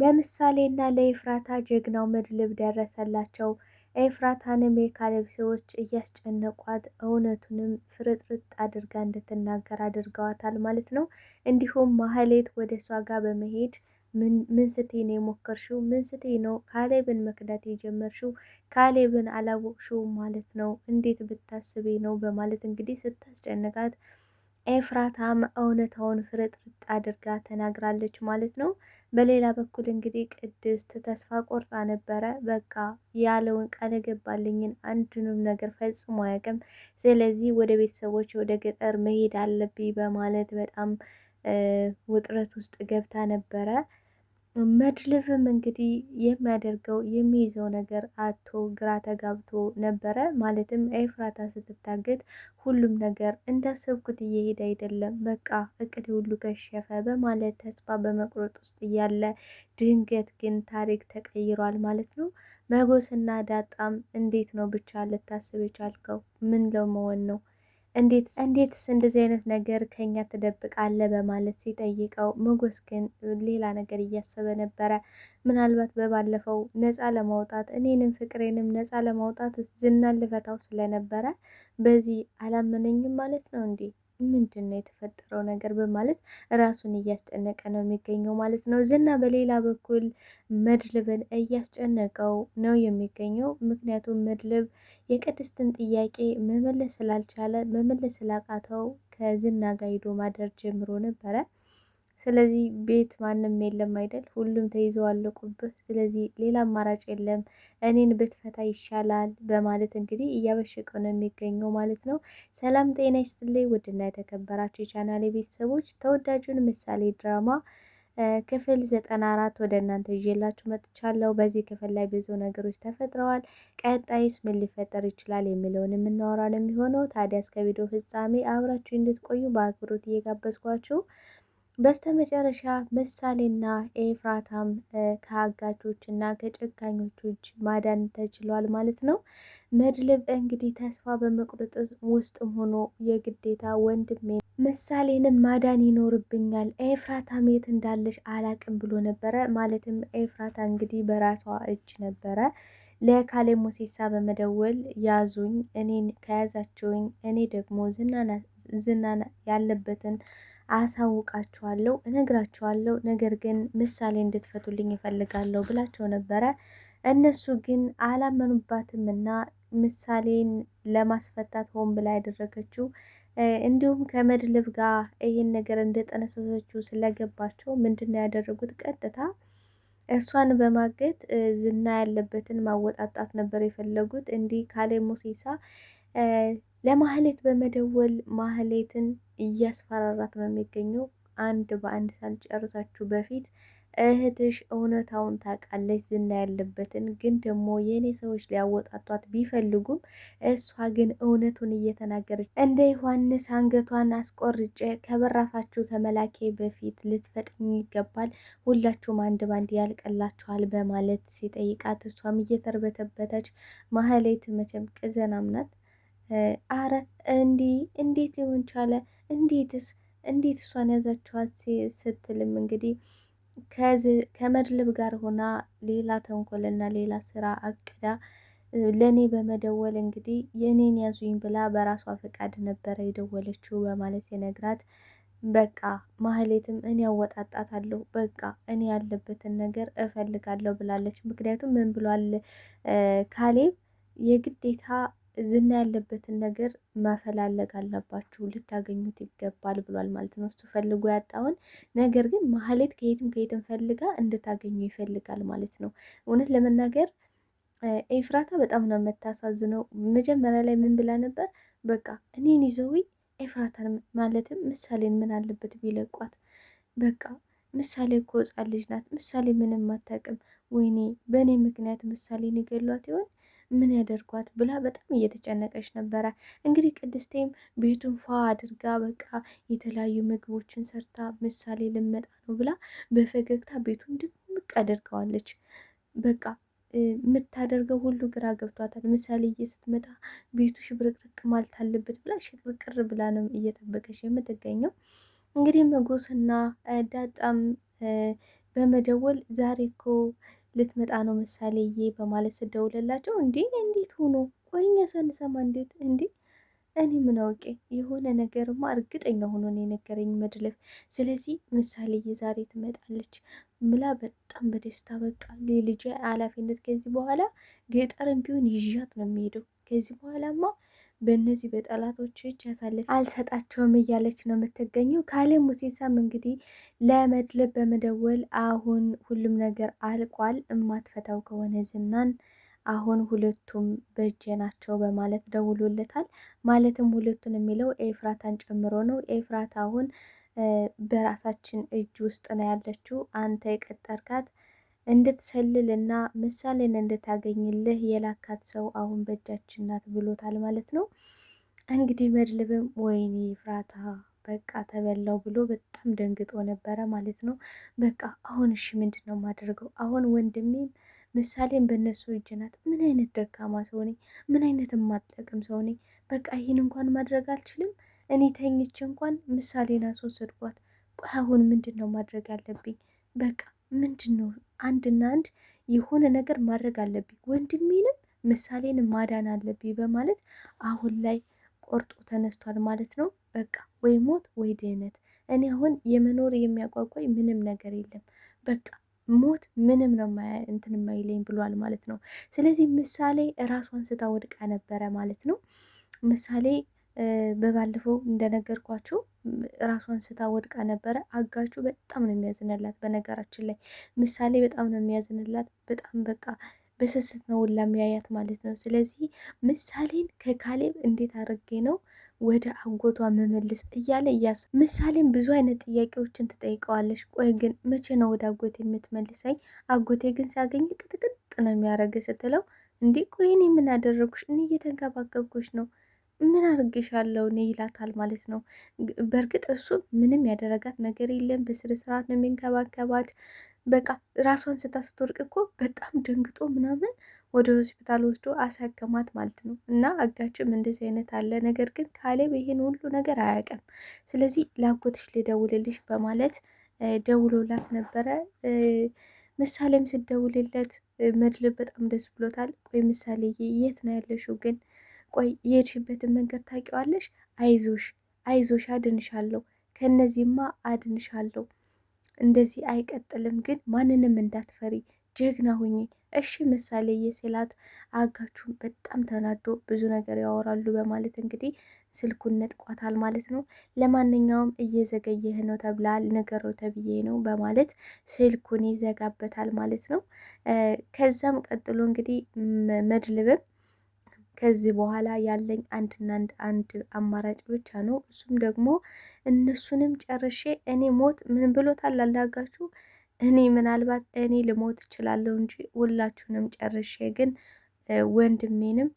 ለምሳሌና ለኤፍራታ ጀግናው መድልብ ደረሰላቸው። ኤፍራታንም የካሌብ ሰዎች እያስጨነቋት እውነቱንም ፍርጥርጥ አድርጋ እንድትናገር አድርገዋታል ማለት ነው። እንዲሁም ማህሌት ወደ እሷ ጋር በመሄድ ምን ስትይ ነው የሞከርሽው? ምን ስትይ ነው ካሌብን መክዳት የጀመርሽው? ካሌብን አላወቅሽው ማለት ነው? እንዴት ብታስቤ ነው? በማለት እንግዲህ ስታስጨንቃት ኤፍራታም እውነታውን ፍርጥርጥ አድርጋ ተናግራለች ማለት ነው። በሌላ በኩል እንግዲህ ቅድስት ተስፋ ቆርጣ ነበረ። በቃ ያለውን ቃል ገባልኝን አንድንም ነገር ፈጽሞ አያውቅም። ስለዚህ ወደ ቤተሰቦች ወደ ገጠር መሄድ አለብኝ በማለት በጣም ውጥረት ውስጥ ገብታ ነበረ። መድብልም እንግዲህ የሚያደርገው የሚይዘው ነገር አቶ ግራ ተጋብቶ ነበረ። ማለትም ኤፍራታ ስትታገት ሁሉም ነገር እንዳሰብኩት እየሄደ አይደለም፣ በቃ እቅድ ሁሉ ከሸፈ በማለት ተስፋ በመቁረጥ ውስጥ እያለ ድንገት ግን ታሪክ ተቀይሯል ማለት ነው። መጎስና ዳጣም እንዴት ነው ብቻ ልታስብ የቻልከው? ምን ለመሆን ነው እንዴትስ እንደዚህ አይነት ነገር ከኛ ትደብቃለ? በማለት ሲጠይቀው ሞገስ ግን ሌላ ነገር እያሰበ ነበረ። ምናልባት በባለፈው ነፃ ለማውጣት እኔንም ፍቅሬንም ነፃ ለማውጣት ዝናን ልፈታው ስለነበረ በዚህ አላመነኝም ማለት ነው እንዴ? ምንድን ነው የተፈጠረው ነገር በማለት ራሱን እያስጨነቀ ነው የሚገኘው ማለት ነው። ዝና በሌላ በኩል መድልብን እያስጨነቀው ነው የሚገኘው። ምክንያቱም መድልብ የቅድስትን ጥያቄ መመለስ ስላልቻለ መመለስ ስላቃተው ከዝና ጋር ሂዶ ማደር ጀምሮ ነበረ። ስለዚህ ቤት ማንም የለም አይደል? ሁሉም ተይዘው አለቁብህ። ስለዚህ ሌላ አማራጭ የለም፣ እኔን ብትፈታ ይሻላል በማለት እንግዲህ እያበሸቀው ነው የሚገኘው ማለት ነው። ሰላም ጤና ይስጥልኝ ውድና የተከበራችሁ የቻናሌ ቤተሰቦች ተወዳጁን ምሳሌ ድራማ ክፍል ዘጠና አራት ወደ እናንተ ይዤላችሁ መጥቻለሁ። በዚህ ክፍል ላይ ብዙ ነገሮች ተፈጥረዋል። ቀጣይስ ምን ሊፈጠር ይችላል የሚለውን የምናወራ ነው የሚሆነው። ታዲያ እስከ ቪዲዮ ፍጻሜ አብራችሁ እንድትቆዩ በአክብሮት እየጋበዝኳችሁ በስተመጨረሻ ምሳሌና ኤፍራታም ከአጋቾች እና ከጨካኞች ማዳን ተችሏል ማለት ነው። መድልብ እንግዲህ ተስፋ በመቁረጥ ውስጥ ሆኖ የግዴታ ወንድሜ ምሳሌንም ማዳን ይኖርብኛል፣ ኤፍራታም የት እንዳለች አላቅም ብሎ ነበረ። ማለትም ኤፍራታ እንግዲህ በራሷ እጅ ነበረ ለካሌ ሙሴሳ በመደወል ያዙኝ፣ እኔን ከያዛቸውኝ እኔ ደግሞ ዝናና ያለበትን አሳውቃችኋለሁ፣ እነግራችኋለሁ፣ ነገር ግን ምሳሌ እንድትፈቱልኝ ይፈልጋለሁ ብላቸው ነበረ። እነሱ ግን አላመኑባትም እና ምሳሌን ለማስፈታት ሆን ብላ ያደረገችው እንዲሁም ከመድልብ ጋር ይህን ነገር እንደጠነሰሰችው ስለገባቸው ምንድን ነው ያደረጉት? ቀጥታ እሷን በማገት ዝና ያለበትን ማወጣጣት ነበር የፈለጉት። እንዲህ ካሌ ሙሴሳ ለማህሌት በመደወል ማህሌትን እያስፈራራት ነው የሚገኘው። አንድ በአንድ ሳልጨርሳችሁ በፊት እህትሽ እውነታውን ታውቃለች፣ ዝና ያለበትን ግን ደግሞ የእኔ ሰዎች ሊያወጣቷት ቢፈልጉም እሷ ግን እውነቱን እየተናገረች እንደ ዮሐንስ አንገቷን አስቆርጬ ከበራፋችሁ ከመላኬ በፊት ልትፈጥኝ ይገባል፣ ሁላችሁም አንድ ባንድ ያልቀላችኋል በማለት ሲጠይቃት እሷም እየተርበተበተች ማህሌት መቼም ቅዘናም ናት። አረ እንዲህ እንዴት ሊሆን ቻለ? እንዴትስ እንዴት እሷን ያዛችኋት? ስትልም እንግዲህ ከመድልብ ጋር ሆና ሌላ ተንኮልና ሌላ ስራ አቅዳ ለእኔ በመደወል እንግዲህ የእኔን ያዙኝ ብላ በራሷ ፈቃድ ነበረ የደወለችው በማለት ሲነግራት በቃ ማህሌትም እኔ አወጣጣታለሁ በቃ እኔ ያለበትን ነገር እፈልጋለሁ ብላለች። ምክንያቱም ምን ብሏል ካሌብ የግዴታ ዝና ያለበትን ነገር መፈላለግ አለባችሁ፣ ልታገኙት ይገባል ብሏል ማለት ነው። እሱ ፈልጎ ያጣውን ነገር ግን ማህሌት ከየትም ከየትም ፈልጋ እንድታገኙ ይፈልጋል ማለት ነው። እውነት ለመናገር ኤፍራታ በጣም ነው የምታሳዝነው። መጀመሪያ ላይ ምን ብላ ነበር? በቃ እኔን ይዘዊ ኤፍራታን ማለትም ምሳሌን ምን አለበት ቢለቋት። በቃ ምሳሌ እኮ ሕፃን ልጅ ናት። ምሳሌ ምንም አታውቅም። ወይኔ በእኔ ምክንያት ምሳሌን ይገሏት ይሆን ምን ያደርጓት ብላ በጣም እየተጨነቀች ነበረ። እንግዲህ ቅድስቴም ቤቱን ፏ አድርጋ በቃ የተለያዩ ምግቦችን ሰርታ ምሳሌ ልመጣ ነው ብላ በፈገግታ ቤቱን ድምቅ አድርገዋለች። በቃ የምታደርገው ሁሉ ግራ ገብቷታል። ምሳሌ ስትመጣ ቤቱ ሽብርቅርቅ ማለት አለበት ብላ ሽብርቅር ብላ ነው እየጠበቀች የምትገኘው። እንግዲህ መጎስና ዳጣም በመደወል ዛሬ እኮ ልትመጣ ነው ምሳሌዬ በማለት ስደውልላቸው እንዴ እንዴት ሆኖ ቆይኛ ሳንሰማ እንዴት እንዴ እኔ ምን አውቄ የሆነ ነገርማ እርግጠኛ ሆኖ ነው የነገረኝ መድለፍ። ስለዚህ ምሳሌዬ ዛሬ ትመጣለች ምላ በጣም በደስታ በቃ የልጅ ኃላፊነት ከዚህ በኋላ ገጠርም ቢሆን ይዣት ነው የሚሄደው ከዚህ በኋላማ በእነዚህ በጠላቶች እጅ ያሳልፍ አልሰጣቸውም እያለች ነው የምትገኘው። ካሌ ሙሴሳም እንግዲህ ለመድብል በመደወል አሁን ሁሉም ነገር አልቋል፣ እማትፈታው ከሆነ ዝናን አሁን ሁለቱም በእጄ ናቸው በማለት ደውሎለታል። ማለትም ሁለቱን የሚለው ኤፍራታን ጨምሮ ነው። ኤፍራት አሁን በራሳችን እጅ ውስጥ ነው ያለችው አንተ የቀጠርካት እንድትሰልልና ምሳሌን እንድታገኝልህ የላካት ሰው አሁን በእጃችን ናት ብሎታል ማለት ነው። እንግዲህ መድልብም ወይኔ ፍራታ በቃ ተበላው ብሎ በጣም ደንግጦ ነበረ ማለት ነው። በቃ አሁን እሺ ምንድን ነው የማደርገው? አሁን ወንድሜም ምሳሌን በእነሱ እጅ ናት። ምን አይነት ደካማ ሰው ነኝ? ምን አይነት የማጠቅም ሰው ነኝ? በቃ ይህን እንኳን ማድረግ አልችልም። እኔ ተኝቼ እንኳን ምሳሌን አስወሰድኳት። አሁን ምንድን ነው ማድረግ ያለብኝ? በቃ ምንድን ነው አንድና አንድ የሆነ ነገር ማድረግ አለብኝ፣ ወንድሜንም ምሳሌን ማዳን አለብኝ በማለት አሁን ላይ ቆርጦ ተነስቷል ማለት ነው። በቃ ወይ ሞት ወይ ድህነት፣ እኔ አሁን የመኖር የሚያቋቋኝ ምንም ነገር የለም፣ በቃ ሞት ምንም ነው እንትን የማይለኝ ብሏል ማለት ነው። ስለዚህ ምሳሌ እራሷን ስታ ወድቃ ነበረ ማለት ነው ምሳሌ በባለፈው እንደነገርኳችሁ ራሷን ስታ ወድቃ ነበረ። አጋቹ በጣም ነው የሚያዝንላት። በነገራችን ላይ ምሳሌ በጣም ነው የሚያዝንላት። በጣም በቃ በስስት ነው ሁላ የሚያያት ማለት ነው። ስለዚህ ምሳሌን ከካሌብ እንዴት አድርጌ ነው ወደ አጎቷ መመልስ እያለ እያስ ምሳሌም ብዙ አይነት ጥያቄዎችን ትጠይቀዋለች። ቆይ ግን መቼ ነው ወደ አጎቴ የምትመልሰኝ? አጎቴ ግን ሲያገኝ ቅጥቅጥ ነው የሚያደርግ ስትለው፣ እንዴ ቆይን የምናደረጉሽ እኔ እየተንከባከብኩሽ ነው ምን አድርጌሻለሁ እኔ ይላታል ማለት ነው። በእርግጥ እሱ ምንም ያደረጋት ነገር የለም። በስነ ስርዓት ነው የሚንከባከባት። በቃ ራሷን ስታስትወርቅ እኮ በጣም ደንግጦ ምናምን ወደ ሆስፒታል ወስዶ አሳከማት ማለት ነው። እና አጋችም እንደዚህ አይነት አለ። ነገር ግን ካሌብ ይህን ሁሉ ነገር አያውቅም። ስለዚህ ላጎትሽ ልደውልልሽ በማለት ደውሎላት ነበረ። ምሳሌም ስደውልለት መድብል በጣም ደስ ብሎታል። ቆይ ምሳሌ የት ነው ያለሽው ግን ቆይ የሄድሽበትን መንገድ ታውቂዋለሽ። አይዞሽ አይዞሽ፣ አድንሻለሁ። ከእነዚህማ አድንሻለሁ። እንደዚህ አይቀጥልም፣ ግን ማንንም እንዳትፈሪ፣ ጀግና ሁኚ። እሺ ምሳሌ የስላት አጋቹን በጣም ተናዶ ብዙ ነገር ያወራሉ በማለት እንግዲህ ስልኩን ነጥቋታል ማለት ነው። ለማንኛውም እየዘገየህ ነው ተብላል ነገሮ ተብዬ ነው በማለት ስልኩን ይዘጋበታል ማለት ነው። ከዛም ቀጥሎ እንግዲህ መድልብም ከዚህ በኋላ ያለኝ አንድና አንድ አማራጭ ብቻ ነው። እሱም ደግሞ እነሱንም ጨርሼ እኔ ሞት ምን ብሎታል አላጋችሁ እኔ ምናልባት እኔ ልሞት እችላለሁ እንጂ ሁላችሁንም ጨርሼ ግን ወንድሜንም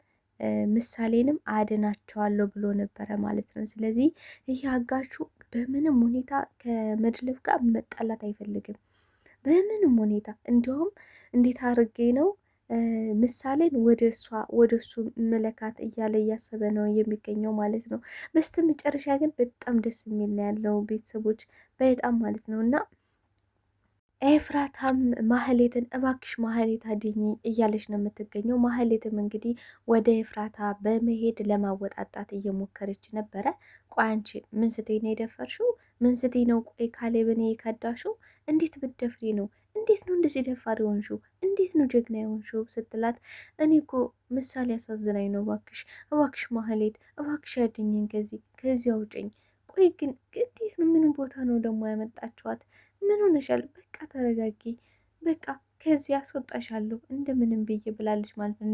ምሳሌንም አድናቸዋለሁ ብሎ ነበረ ማለት ነው። ስለዚህ ይህ አጋቹ በምንም ሁኔታ ከመድልብ ጋር መጣላት አይፈልግም። በምንም ሁኔታ እንዲሁም እንዴት አድርጌ ነው ምሳሌን ወደ እሷ ወደ እሱ መለካት እያለ እያሰበ ነው የሚገኘው ማለት ነው። በስተ መጨረሻ ግን በጣም ደስ የሚል ነው ያለው ቤተሰቦች በጣም ማለት ነው እና ኤፍራታም ማህሌትን እባክሽ ማህሌት አድኝ እያለች ነው የምትገኘው። ማህሌትም እንግዲህ ወደ ኤፍራታ በመሄድ ለማወጣጣት እየሞከረች ነበረ። ቆይ አንቺ ምን ስትይ ነው የደፈርሽው? ምን ስትይ ነው? ቆይ ካሌብን የከዳሽው እንዴት ብትደፍሪ ነው? እንዴት ነው እንደዚህ ደፋሪ ሆንሽው? እንዴት ነው ጀግና የሆንሽው? ስትላት እኔ እኮ ምሳሌ ያሳዝናኝ ነው። እባክሽ እባክሽ ማህሌት እባክሽ አድኝን ከዚህ ከዚህ አውጭኝ። ቆይ ግን እንዴት ነው ምን ቦታ ነው ደግሞ ያመጣችኋት? ምን ሆነሻል? በቃ ተረጋጊ፣ በቃ ከዚህ አስወጣሻለሁ እንደምንም ብዬ ብላለች ማለት ነው።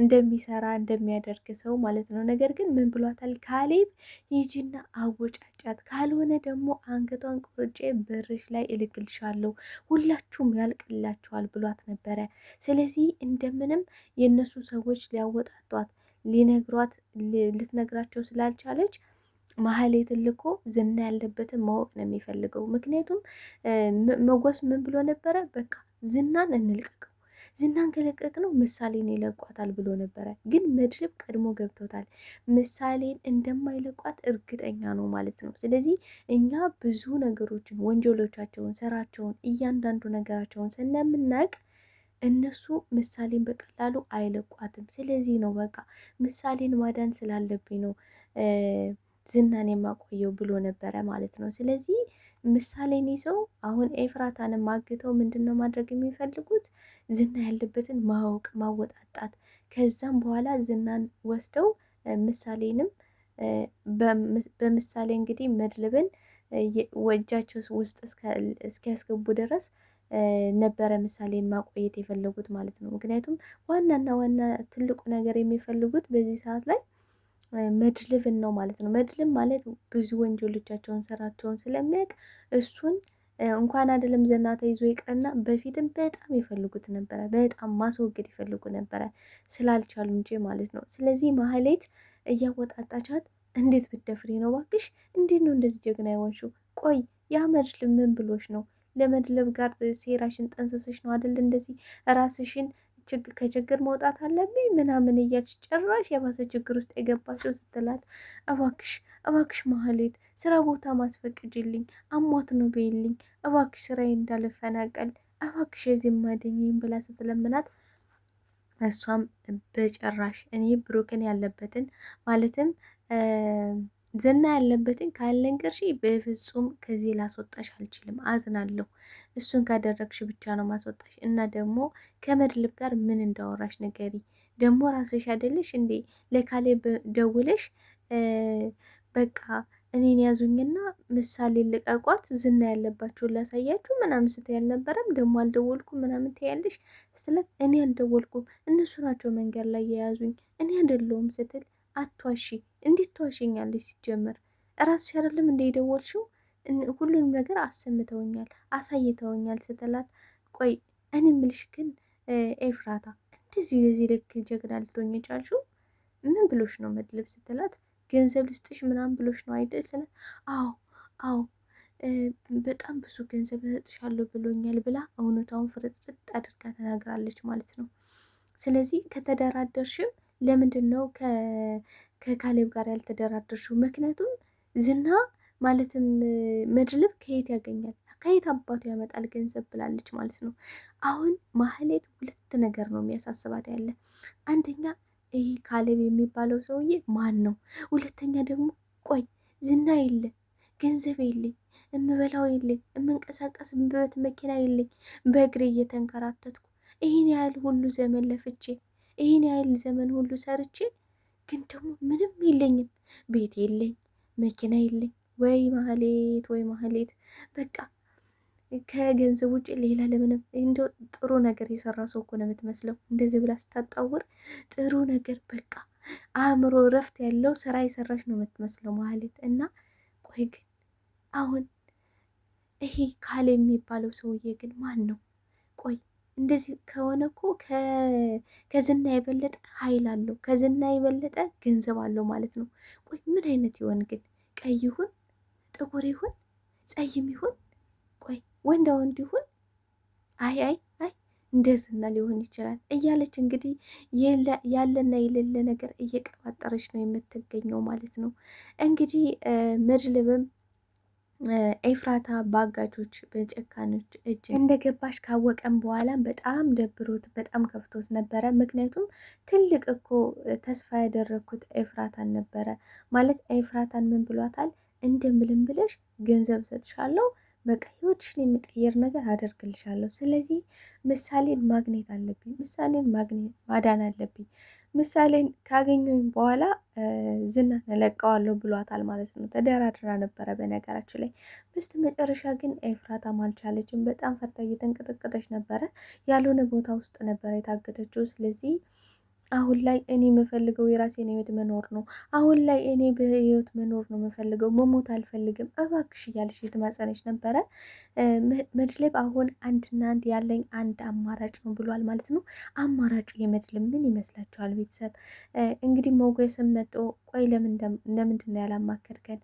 እንደሚሰራ እንደሚያደርግ ሰው ማለት ነው። ነገር ግን ምን ብሏታል ካሌብ? ሂጂና አወጫጫት፣ ካልሆነ ደግሞ አንገቷን ቁርጬ በርሽ ላይ እልክልሻለሁ፣ ሁላችሁም ያልቅላችኋል ብሏት ነበረ። ስለዚህ እንደምንም የእነሱ ሰዎች ሊያወጣጧት ሊነግሯት ልትነግራቸው ስላልቻለች ማህሌትን ልኮ ዝና ያለበትን ማወቅ ነው የሚፈልገው። ምክንያቱም መጓስ ምን ብሎ ነበረ? በቃ ዝናን እንልቀቀው፣ ዝናን ከለቀቅ ነው ምሳሌን ይለቋታል ብሎ ነበረ። ግን መድረብ ቀድሞ ገብቶታል። ምሳሌን እንደማይለቋት እርግጠኛ ነው ማለት ነው። ስለዚህ እኛ ብዙ ነገሮችን፣ ወንጀሎቻቸውን፣ ስራቸውን፣ እያንዳንዱ ነገራቸውን ስለምናውቅ እነሱ ምሳሌን በቀላሉ አይለቋትም። ስለዚህ ነው በቃ ምሳሌን ማዳን ስላለብኝ ነው ዝናን የማቆየው ብሎ ነበረ ማለት ነው። ስለዚህ ምሳሌን ይዘው አሁን ኤፍራታንም አግተው ምንድን ነው ማድረግ የሚፈልጉት ዝና ያለበትን ማወቅ ማወጣጣት፣ ከዛም በኋላ ዝናን ወስደው ምሳሌንም በምሳሌ እንግዲህ መድልብን እጃቸው ውስጥ እስኪያስገቡ ድረስ ነበረ ምሳሌን ማቆየት የፈለጉት ማለት ነው። ምክንያቱም ዋናና ዋና ትልቁ ነገር የሚፈልጉት በዚህ ሰዓት ላይ መድልብን ነው ማለት ነው። መድልብ ማለት ብዙ ወንጀሎቻቸውን ስራቸውን ስለሚያውቅ እሱን እንኳን አይደለም ዘና ተይዞ ይቅርና በፊትም በጣም ይፈልጉት ነበረ። በጣም ማስወገድ ይፈልጉ ነበረ ስላልቻሉ እንጂ ማለት ነው። ስለዚህ ማህሌት እያወጣጣቻት እንዴት ብደፍሪ ነው ባክሽ? እንዴት ነው እንደዚህ ጀግና የሆንሽው? ቆይ ያ መድልብ ምን ነው? ለመድልብ ጋር ሴራሽን ጠንስሰሽ ነው አደል እንደዚህ ራስሽን ከችግር መውጣት አለብኝ ምናምን እያልሽ ጭራሽ የባሰ ችግር ውስጥ የገባችው ስትላት፣ እባክሽ እባክሽ ማህሌት ስራ ቦታ ማስፈቅጅልኝ አሟት ነው ቤልኝ፣ እባክሽ ስራዬ እንዳልፈናቀል እባክሽ የዚህ ማደኝም ብላ ስትለምናት፣ እሷም በጭራሽ እኔ ብሩክን ያለበትን ማለትም ዝና ያለበትን ቅርሺ በፍጹም ከዚህ ላስወጣሽ አልችልም፣ አዝናለሁ። እሱን ካደረግሽ ብቻ ነው ማስወጣሽ። እና ደግሞ ከመድልብ ጋር ምን እንዳወራሽ ንገሪ። ደግሞ ራስሽ አይደለሽ እንዴ ለካሌ ደውለሽ በቃ እኔን ያዙኝና ምሳሌ ልቀቋት፣ ዝና ያለባችሁን ላሳያችሁ ምናምን ስትይ አልነበረም? ደግሞ አልደወልኩም ምናምን ትያለሽ ስትላት፣ እኔ አልደወልኩም እነሱ ናቸው መንገድ ላይ የያዙኝ እኔ አይደለሁም ስትል አትዋሺ። እንዴት ተዋሽኛለች? ሲጀመር እራስሽ አይደለም እንደ የደወልሽው ሁሉንም ነገር አሰምተውኛል፣ አሳይተውኛል ስትላት፣ ቆይ እኔ ምልሽ ግን ኤፍራታ እንደዚህ የዚህ ልክ ጀግና ልትሆኝ የቻልሽው ምን ብሎሽ ነው መድልብ ስትላት፣ ገንዘብ ልስጥሽ ምናምን ብሎሽ ነው አይደል ስላት፣ አዎ አዎ በጣም ብዙ ገንዘብ እሰጥሻለሁ ብሎኛል ብላ እውነታውን ፍርጥርጥ አድርጋ ተናግራለች ማለት ነው። ስለዚህ ከተደራደርሽም ለምንድን ነው ከካሌብ ጋር ያልተደራደርሽው? ምክንያቱም ዝና ማለትም መድልብ ከየት ያገኛል? ከየት አባቱ ያመጣል ገንዘብ ብላለች ማለት ነው። አሁን ማህሌት ሁለት ነገር ነው የሚያሳስባት ያለ፣ አንደኛ ይህ ካሌብ የሚባለው ሰውዬ ማን ነው? ሁለተኛ ደግሞ ቆይ ዝና የለ ገንዘብ የለኝ እምበላው የለኝ እምንቀሳቀስበት መኪና የለኝ በእግሬ እየተንከራተትኩ ይህን ያህል ሁሉ ዘመን ለፍቼ ይህን ያህል ዘመን ሁሉ ሰርቼ ግን ደግሞ ምንም የለኝም። ቤት የለኝ፣ መኪና የለኝ። ወይ ማህሌት፣ ወይ ማህሌት በቃ ከገንዘብ ውጭ ሌላ ለምንም እንደው ጥሩ ነገር የሰራ ሰው እኮ ነው የምትመስለው። እንደዚህ ብላ ስታጣውር ጥሩ ነገር በቃ አእምሮ እረፍት ያለው ስራ የሰራች ነው የምትመስለው ማህሌት። እና ቆይ ግን አሁን ይሄ ካሌ የሚባለው ሰውዬ ግን ማን ነው? እንደዚህ ከሆነ እኮ ከዝና የበለጠ ኃይል አለው፣ ከዝና የበለጠ ገንዘብ አለው ማለት ነው። ቆይ ምን አይነት ይሆን ግን? ቀይ ይሁን፣ ጥቁር ይሁን፣ ጸይም ይሁን፣ ቆይ ወንዳ ወንድ ይሁን? አይ አይ አይ እንደ ዝና ሊሆን ይችላል እያለች እንግዲህ ያለና የሌለ ነገር እየቀባጠረች ነው የምትገኘው ማለት ነው እንግዲህ መድብልም ኤፍራታ በአጋቾች በጨካኖች እጅ እንደገባሽ ካወቀም በኋላም በጣም ደብሮት በጣም ከፍቶት ነበረ። ምክንያቱም ትልቅ እኮ ተስፋ ያደረግኩት ኤፍራታን ነበረ። ማለት ኤፍራታን ምን ብሏታል? እንደምልም ብለሽ ገንዘብ እሰጥሻለሁ፣ በቃ ህይወትሽን የሚቀየር ነገር አደርግልሻለሁ። ስለዚህ ምሳሌን ማግኘት አለብኝ፣ ምሳሌን ማዳን አለብኝ ምሳሌን ካገኘኝ በኋላ ዝናን እለቀዋለሁ ብሏታል ማለት ነው። ተደራድራ ነበረ በነገራችን ላይ። በስተ መጨረሻ ግን ኤፍራታም አልቻለችም። በጣም ፈርታ እየተንቀጠቀጠች ነበረ። ያልሆነ ቦታ ውስጥ ነበረ የታገተችው። ስለዚህ አሁን ላይ እኔ የምፈልገው የራሴን ህይወት መኖር ነው። አሁን ላይ እኔ በህይወት መኖር ነው የምፈልገው፣ መሞት አልፈልግም፣ እባክሽ እያለሽ የተማጸነች ነበረ። መድለብ አሁን አንድና አንድ ያለኝ አንድ አማራጭ ነው ብሏል ማለት ነው። አማራጩ የመድብል ምን ይመስላችኋል? ቤተሰብ እንግዲህ ሞገስም መጦ ቆይ ለምንድን ነው ያላማከርከን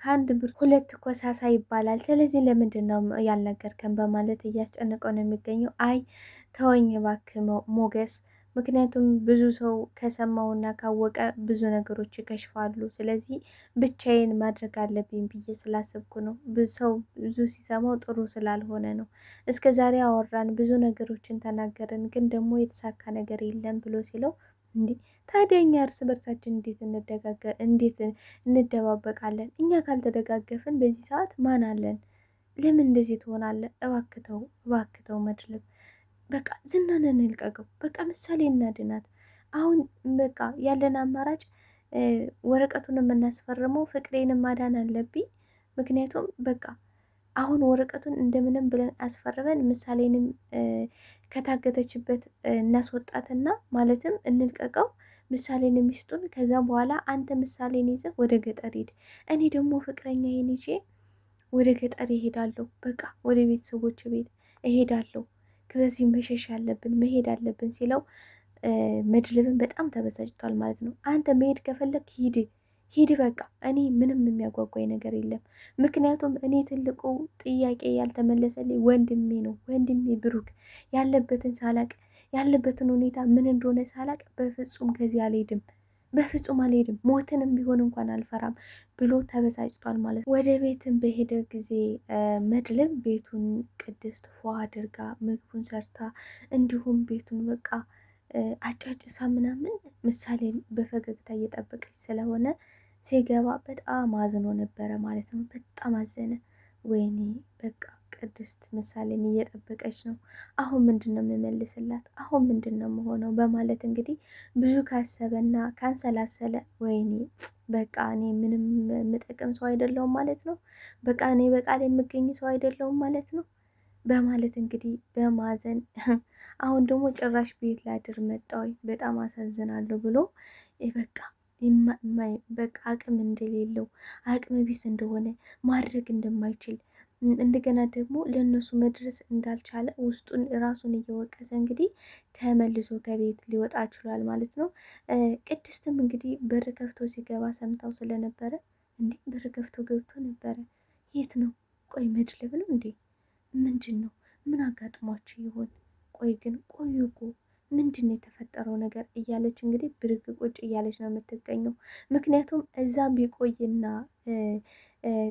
ከአንድ ብር ሁለት ኮሳሳ ይባላል። ስለዚህ ለምንድን ነው ያልነገርከን? በማለት እያስጨነቀው ነው የሚገኘው። አይ ተወኝ እባክህ ሞገስ ምክንያቱም ብዙ ሰው ከሰማውና ካወቀ ብዙ ነገሮች ይከሽፋሉ። ስለዚህ ብቻዬን ማድረግ አለብኝ ብዬ ስላሰብኩ ነው። ሰው ብዙ ሲሰማው ጥሩ ስላልሆነ ነው። እስከ ዛሬ አወራን፣ ብዙ ነገሮችን ተናገርን፣ ግን ደግሞ የተሳካ ነገር የለም ብሎ ሲለው እንዴ ታዲያ እኛ እርስ በርሳችን እንዴት እንደጋገ እንዴት እንደባበቃለን? እኛ ካልተደጋገፍን በዚህ ሰዓት ማን አለን? ለምን እንደዚህ ትሆናለህ? እባክተው እባክተው መድብል በቃ ዝናን እንልቀቀው። በቃ ምሳሌ እናድናት። አሁን በቃ ያለን አማራጭ ወረቀቱን የምናስፈርመው ፍቅሬን ማዳን አለብኝ። ምክንያቱም በቃ አሁን ወረቀቱን እንደምንም ብለን አስፈርመን ምሳሌንም ከታገተችበት እናስወጣትና ማለትም እንልቀቀው ምሳሌን የሚስጡን። ከዛ በኋላ አንተ ምሳሌን ይዘህ ወደ ገጠር ሂድ፣ እኔ ደግሞ ፍቅረኛ ይዤ ወደ ገጠር ይሄዳለሁ። በቃ ወደ ቤተሰቦች ቤት እሄዳለሁ። በዚህ መሸሽ አለብን መሄድ አለብን ሲለው መድልብን በጣም ተበሳጭቷል ማለት ነው። አንተ መሄድ ከፈለግ ሂድ ሂድ፣ በቃ እኔ ምንም የሚያጓጓኝ ነገር የለም። ምክንያቱም እኔ ትልቁ ጥያቄ ያልተመለሰልኝ ወንድሜ ነው። ወንድሜ ብሩክ ያለበትን ሳላቅ ያለበትን ሁኔታ ምን እንደሆነ ሳላቅ በፍጹም ከዚህ አልሄድም። በፍጹም አልሄድም፣ ሞትንም ቢሆን እንኳን አልፈራም ብሎ ተበሳጭቷል ማለት ነው። ወደ ቤትም በሄደ ጊዜ መድልም ቤቱን ቅድስት ፏ አድርጋ ምግቡን ሰርታ እንዲሁም ቤቱን በቃ አጫጭሳ ምናምን ምሳሌ በፈገግታ እየጠበቀች ስለሆነ ሲገባ በጣም አዝኖ ነበረ ማለት ነው። በጣም አዘነ። ወይኔ በቃ ቅድስት ምሳሌን እየጠበቀች ነው። አሁን ምንድን ነው የምመልስላት? አሁን ምንድን ነው የምሆነው? በማለት እንግዲህ ብዙ ካሰበና ካንሰላሰለ ወይኔ በቃ እኔ ምንም የምጠቅም ሰው አይደለውም ማለት ነው፣ በቃ እኔ በቃል የምገኝ ሰው አይደለውም ማለት ነው በማለት እንግዲህ በማዘን አሁን ደግሞ ጭራሽ ቤት ላድር መጣሁ በጣም አሳዝናለሁ ብሎ በቃ በቃ አቅም እንደሌለው አቅመ ቢስ እንደሆነ ማድረግ እንደማይችል እንደገና ደግሞ ለእነሱ መድረስ እንዳልቻለ ውስጡን ራሱን እየወቀሰ እንግዲህ ተመልሶ ከቤት ሊወጣ ችሏል ማለት ነው። ቅድስትም እንግዲህ በር ከፍቶ ሲገባ ሰምታው ስለነበረ እንዴ በር ከፍቶ ገብቶ ነበረ። የት ነው? ቆይ መድልብ ነው እንዴ? ምንድን ነው? ምን አጋጥሟችሁ ይሆን? ቆይ ግን ቆዩ እኮ ምንድን ነው የተፈጠረው ነገር እያለች እንግዲህ ብርግ ቁጭ እያለች ነው የምትገኘው። ምክንያቱም እዛ ቢቆይና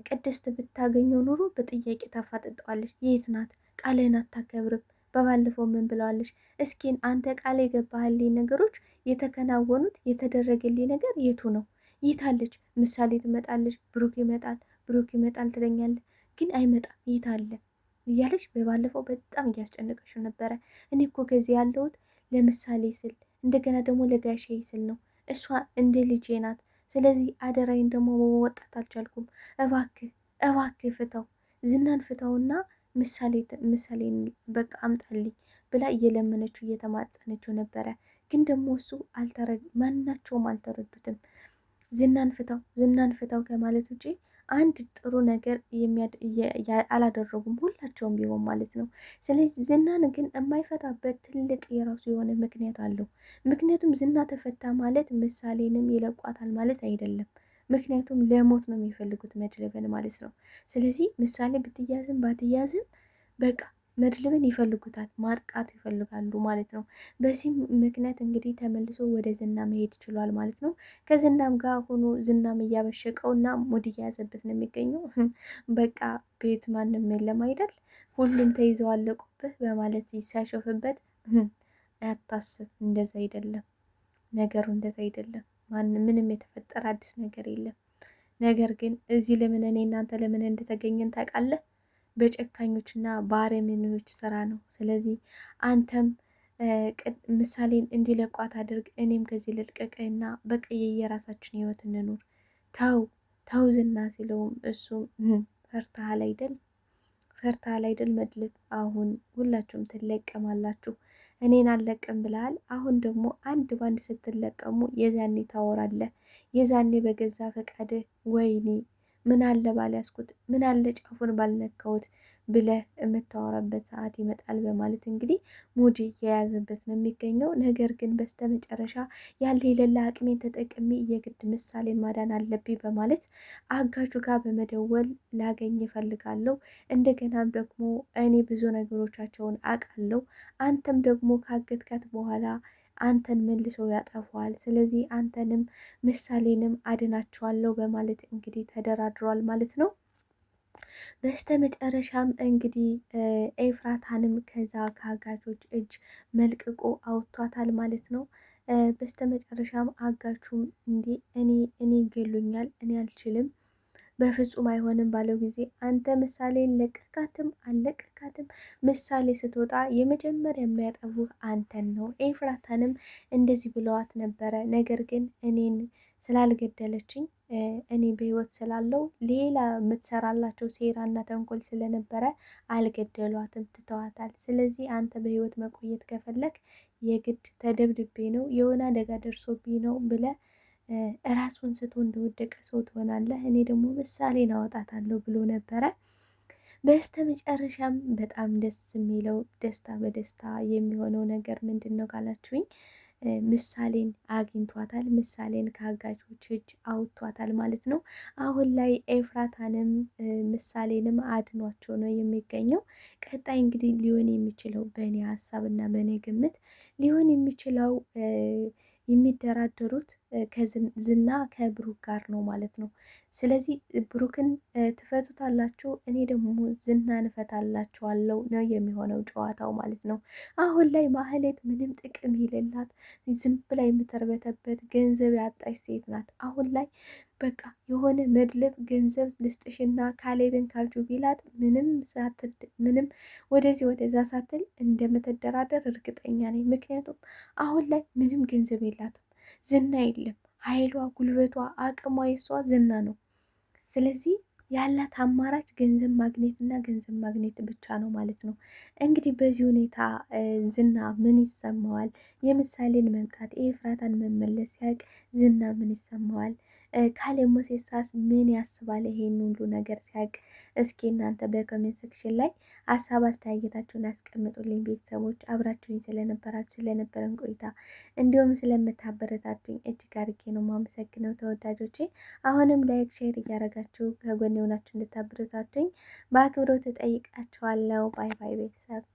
ቅድስት ብታገኘው ኑሮ በጥያቄ ታፋጥጠዋለች። የት ናት? ቃልህን አታከብርም። በባለፈው ምን ብለዋለች? እስኪን አንተ ቃል የገባህልኝ ነገሮች የተከናወኑት የተደረገልኝ ነገር የቱ ነው? ይታለች። ምሳሌ ትመጣለች። ብሩክ ይመጣል። ብሩክ ይመጣል ትለኛለህ፣ ግን አይመጣም። ይታለ እያለች በባለፈው በጣም እያስጨነቀችው ነበረ። እኔ እኮ ከዚህ ያለሁት ለምሳሌ ስል እንደገና ደግሞ ለጋሼ ስል ነው። እሷ እንደ ልጄ ናት። ስለዚህ አደራይን ደግሞ መወጣት አልቻልኩም። እባክህ እባክህ ፍታው፣ ዝናን ፍተውና ምሳሌ ምሳሌን በቃ አምጣልኝ ብላ እየለመነችው እየተማጸነችው ነበረ። ግን ደግሞ እሱ አልተረ ማናቸውም አልተረዱትም። ዝናን ፍታው ዝናን ፍተው ከማለት ውጪ አንድ ጥሩ ነገር አላደረጉም ሁላቸውም ቢሆን ማለት ነው። ስለዚህ ዝናን ግን የማይፈታበት ትልቅ የራሱ የሆነ ምክንያት አለው። ምክንያቱም ዝና ተፈታ ማለት ምሳሌንም ይለቋታል ማለት አይደለም። ምክንያቱም ለሞት ነው የሚፈልጉት መድረብን ማለት ነው። ስለዚህ ምሳሌ ብትያዝም ባትያዝም በቃ መድልብን ይፈልጉታል፣ ማጥቃት ይፈልጋሉ ማለት ነው። በዚህም ምክንያት እንግዲህ ተመልሶ ወደ ዝና መሄድ ችሏል ማለት ነው። ከዝናም ጋር ሆኖ ዝናም እያበሸቀው እና ሙድ እየያዘበት ነው የሚገኘው። በቃ ቤት ማንም የለም አይደል፣ ሁሉም ተይዘው አለቁብህ በማለት ሲያሾፍበት፣ አታስብ፣ እንደዛ አይደለም ነገሩ፣ እንደዛ አይደለም። ማንም ምንም የተፈጠረ አዲስ ነገር የለም። ነገር ግን እዚህ ለምን እኔ እናንተ ለምን እንደተገኘን ታውቃለህ? በጨካኞችና በአረመኔዎች ስራ ነው። ስለዚህ አንተም ምሳሌን እንዲለቋት አድርግ፣ እኔም ከዚህ ልልቀቅና በቀየ የራሳችን ህይወት እንኑር። ተው ተው ዝና ሲለውም እሱም ፈርታሃል አይደል ፈርታሃል አይደል መድብል፣ አሁን ሁላችሁም ትለቀማላችሁ። እኔን አልለቅም ብለሃል። አሁን ደግሞ አንድ ባንድ ስትለቀሙ የዛኔ ታወራለህ። የዛኔ በገዛ ፈቃድህ ወይኔ ምን አለ ባልያዝኩት፣ ምን አለ ጫፉን ባልነካሁት ብለህ የምታወራበት ሰዓት ይመጣል በማለት እንግዲህ ሙዲ የያዘበት ነው የሚገኘው። ነገር ግን በስተመጨረሻ ያለ የሌላ አቅሜን ተጠቅሜ የግድ ምሳሌ ማዳን አለብኝ በማለት አጋቹ ጋር በመደወል ላገኝ እፈልጋለሁ። እንደገናም ደግሞ እኔ ብዙ ነገሮቻቸውን አውቃለሁ፣ አንተም ደግሞ ካገትካት በኋላ አንተን መልሰው ያጠፋዋል። ስለዚህ አንተንም ምሳሌንም አድናቸዋለሁ በማለት እንግዲህ ተደራድሯል ማለት ነው። በስተ መጨረሻም እንግዲህ ኤፍራታንም ከዛ ከአጋቾች እጅ መልቅቆ አውጥቷታል ማለት ነው። በስተ መጨረሻም አጋቹም እንዲህ እኔ እኔ ይገሉኛል እኔ አልችልም በፍጹም አይሆንም ባለው ጊዜ አንተ ምሳሌን ለቅርካትም አለቅርካትም ምሳሌ ስትወጣ የመጀመሪያ የሚያጠቡህ አንተን ነው። ኤፍራታንም እንደዚህ ብለዋት ነበረ። ነገር ግን እኔን ስላልገደለችኝ እኔ በህይወት ስላለው ሌላ የምትሰራላቸው ሴራና ተንኮል ስለነበረ አልገደሏትም፣ ትተዋታል። ስለዚህ አንተ በህይወት መቆየት ከፈለክ የግድ ተደብድቤ ነው የሆነ አደጋ ደርሶብኝ ነው ብለ ራሱን ስቶ እንደወደቀ ሰው ትሆናለህ፣ እኔ ደግሞ ምሳሌን አወጣታለሁ ብሎ ነበረ። በስተ መጨረሻም በጣም ደስ የሚለው ደስታ በደስታ የሚሆነው ነገር ምንድን ነው ካላችሁኝ ምሳሌን አግኝቷታል። ምሳሌን ከአጋቾች እጅ አውጥቷታል ማለት ነው። አሁን ላይ ኤፍራታንም ምሳሌንም አድኗቸው ነው የሚገኘው። ቀጣይ እንግዲህ ሊሆን የሚችለው በእኔ ሀሳብ እና በእኔ ግምት ሊሆን የሚችለው የሚደራደሩት ከዝና ከብሩክ ጋር ነው ማለት ነው። ስለዚህ ብሩክን ትፈቱታላችሁ፣ እኔ ደግሞ ዝና እፈታላችኋለሁ ነው የሚሆነው ጨዋታው ማለት ነው። አሁን ላይ ማህሌት ምንም ጥቅም የሌላት ዝም ብላ የምተርበተበት ገንዘብ ያጣች ሴት ናት። አሁን ላይ በቃ የሆነ መድለብ ገንዘብ ልስጥሽና ካሌብን ካልጁ ቢላት ምንም ወደዚህ ወደዛ ሳትል እንደምትደራደር እርግጠኛ ነኝ። ምክንያቱም አሁን ላይ ምንም ገንዘብ የላትም፣ ዝና የለም። ኃይሏ፣ ጉልበቷ፣ አቅሟ የሷ ዝና ነው። ስለዚህ ያላት አማራጭ ገንዘብ ማግኘት ገንዘብ ማግኘት ብቻ ነው ማለት ነው። እንግዲህ በዚህ ሁኔታ ዝና ምን ይሰማዋል? የምሳሌን መምጣት፣ የኤፍራታን መመለስ ሲያቅ ዝና ምን ይሰማዋል? ካሌብ ሞሴሳስ ምን ያስባል ይሄን ሁሉ ነገር ሲያቅ? እስኪ እናንተ በኮሜንት ሴክሽን ላይ ሀሳብ አስተያየታችሁን ያስቀምጡልኝ። ቤተሰቦች አብራችሁኝ ስለነበራችሁ ስለነበረን ቆይታ እንዲሁም ስለምታበረታቱኝ እጅግ አድርጌ ነው ማመሰግነው። ተወዳጆቼ አሁንም ላይክ፣ ሼር እያረጋችሁ ከጎን የሆናችሁ እንድታበረታቱኝ በአክብሮት እጠይቃችኋለሁ። ባይ ባይ ቤተሰብ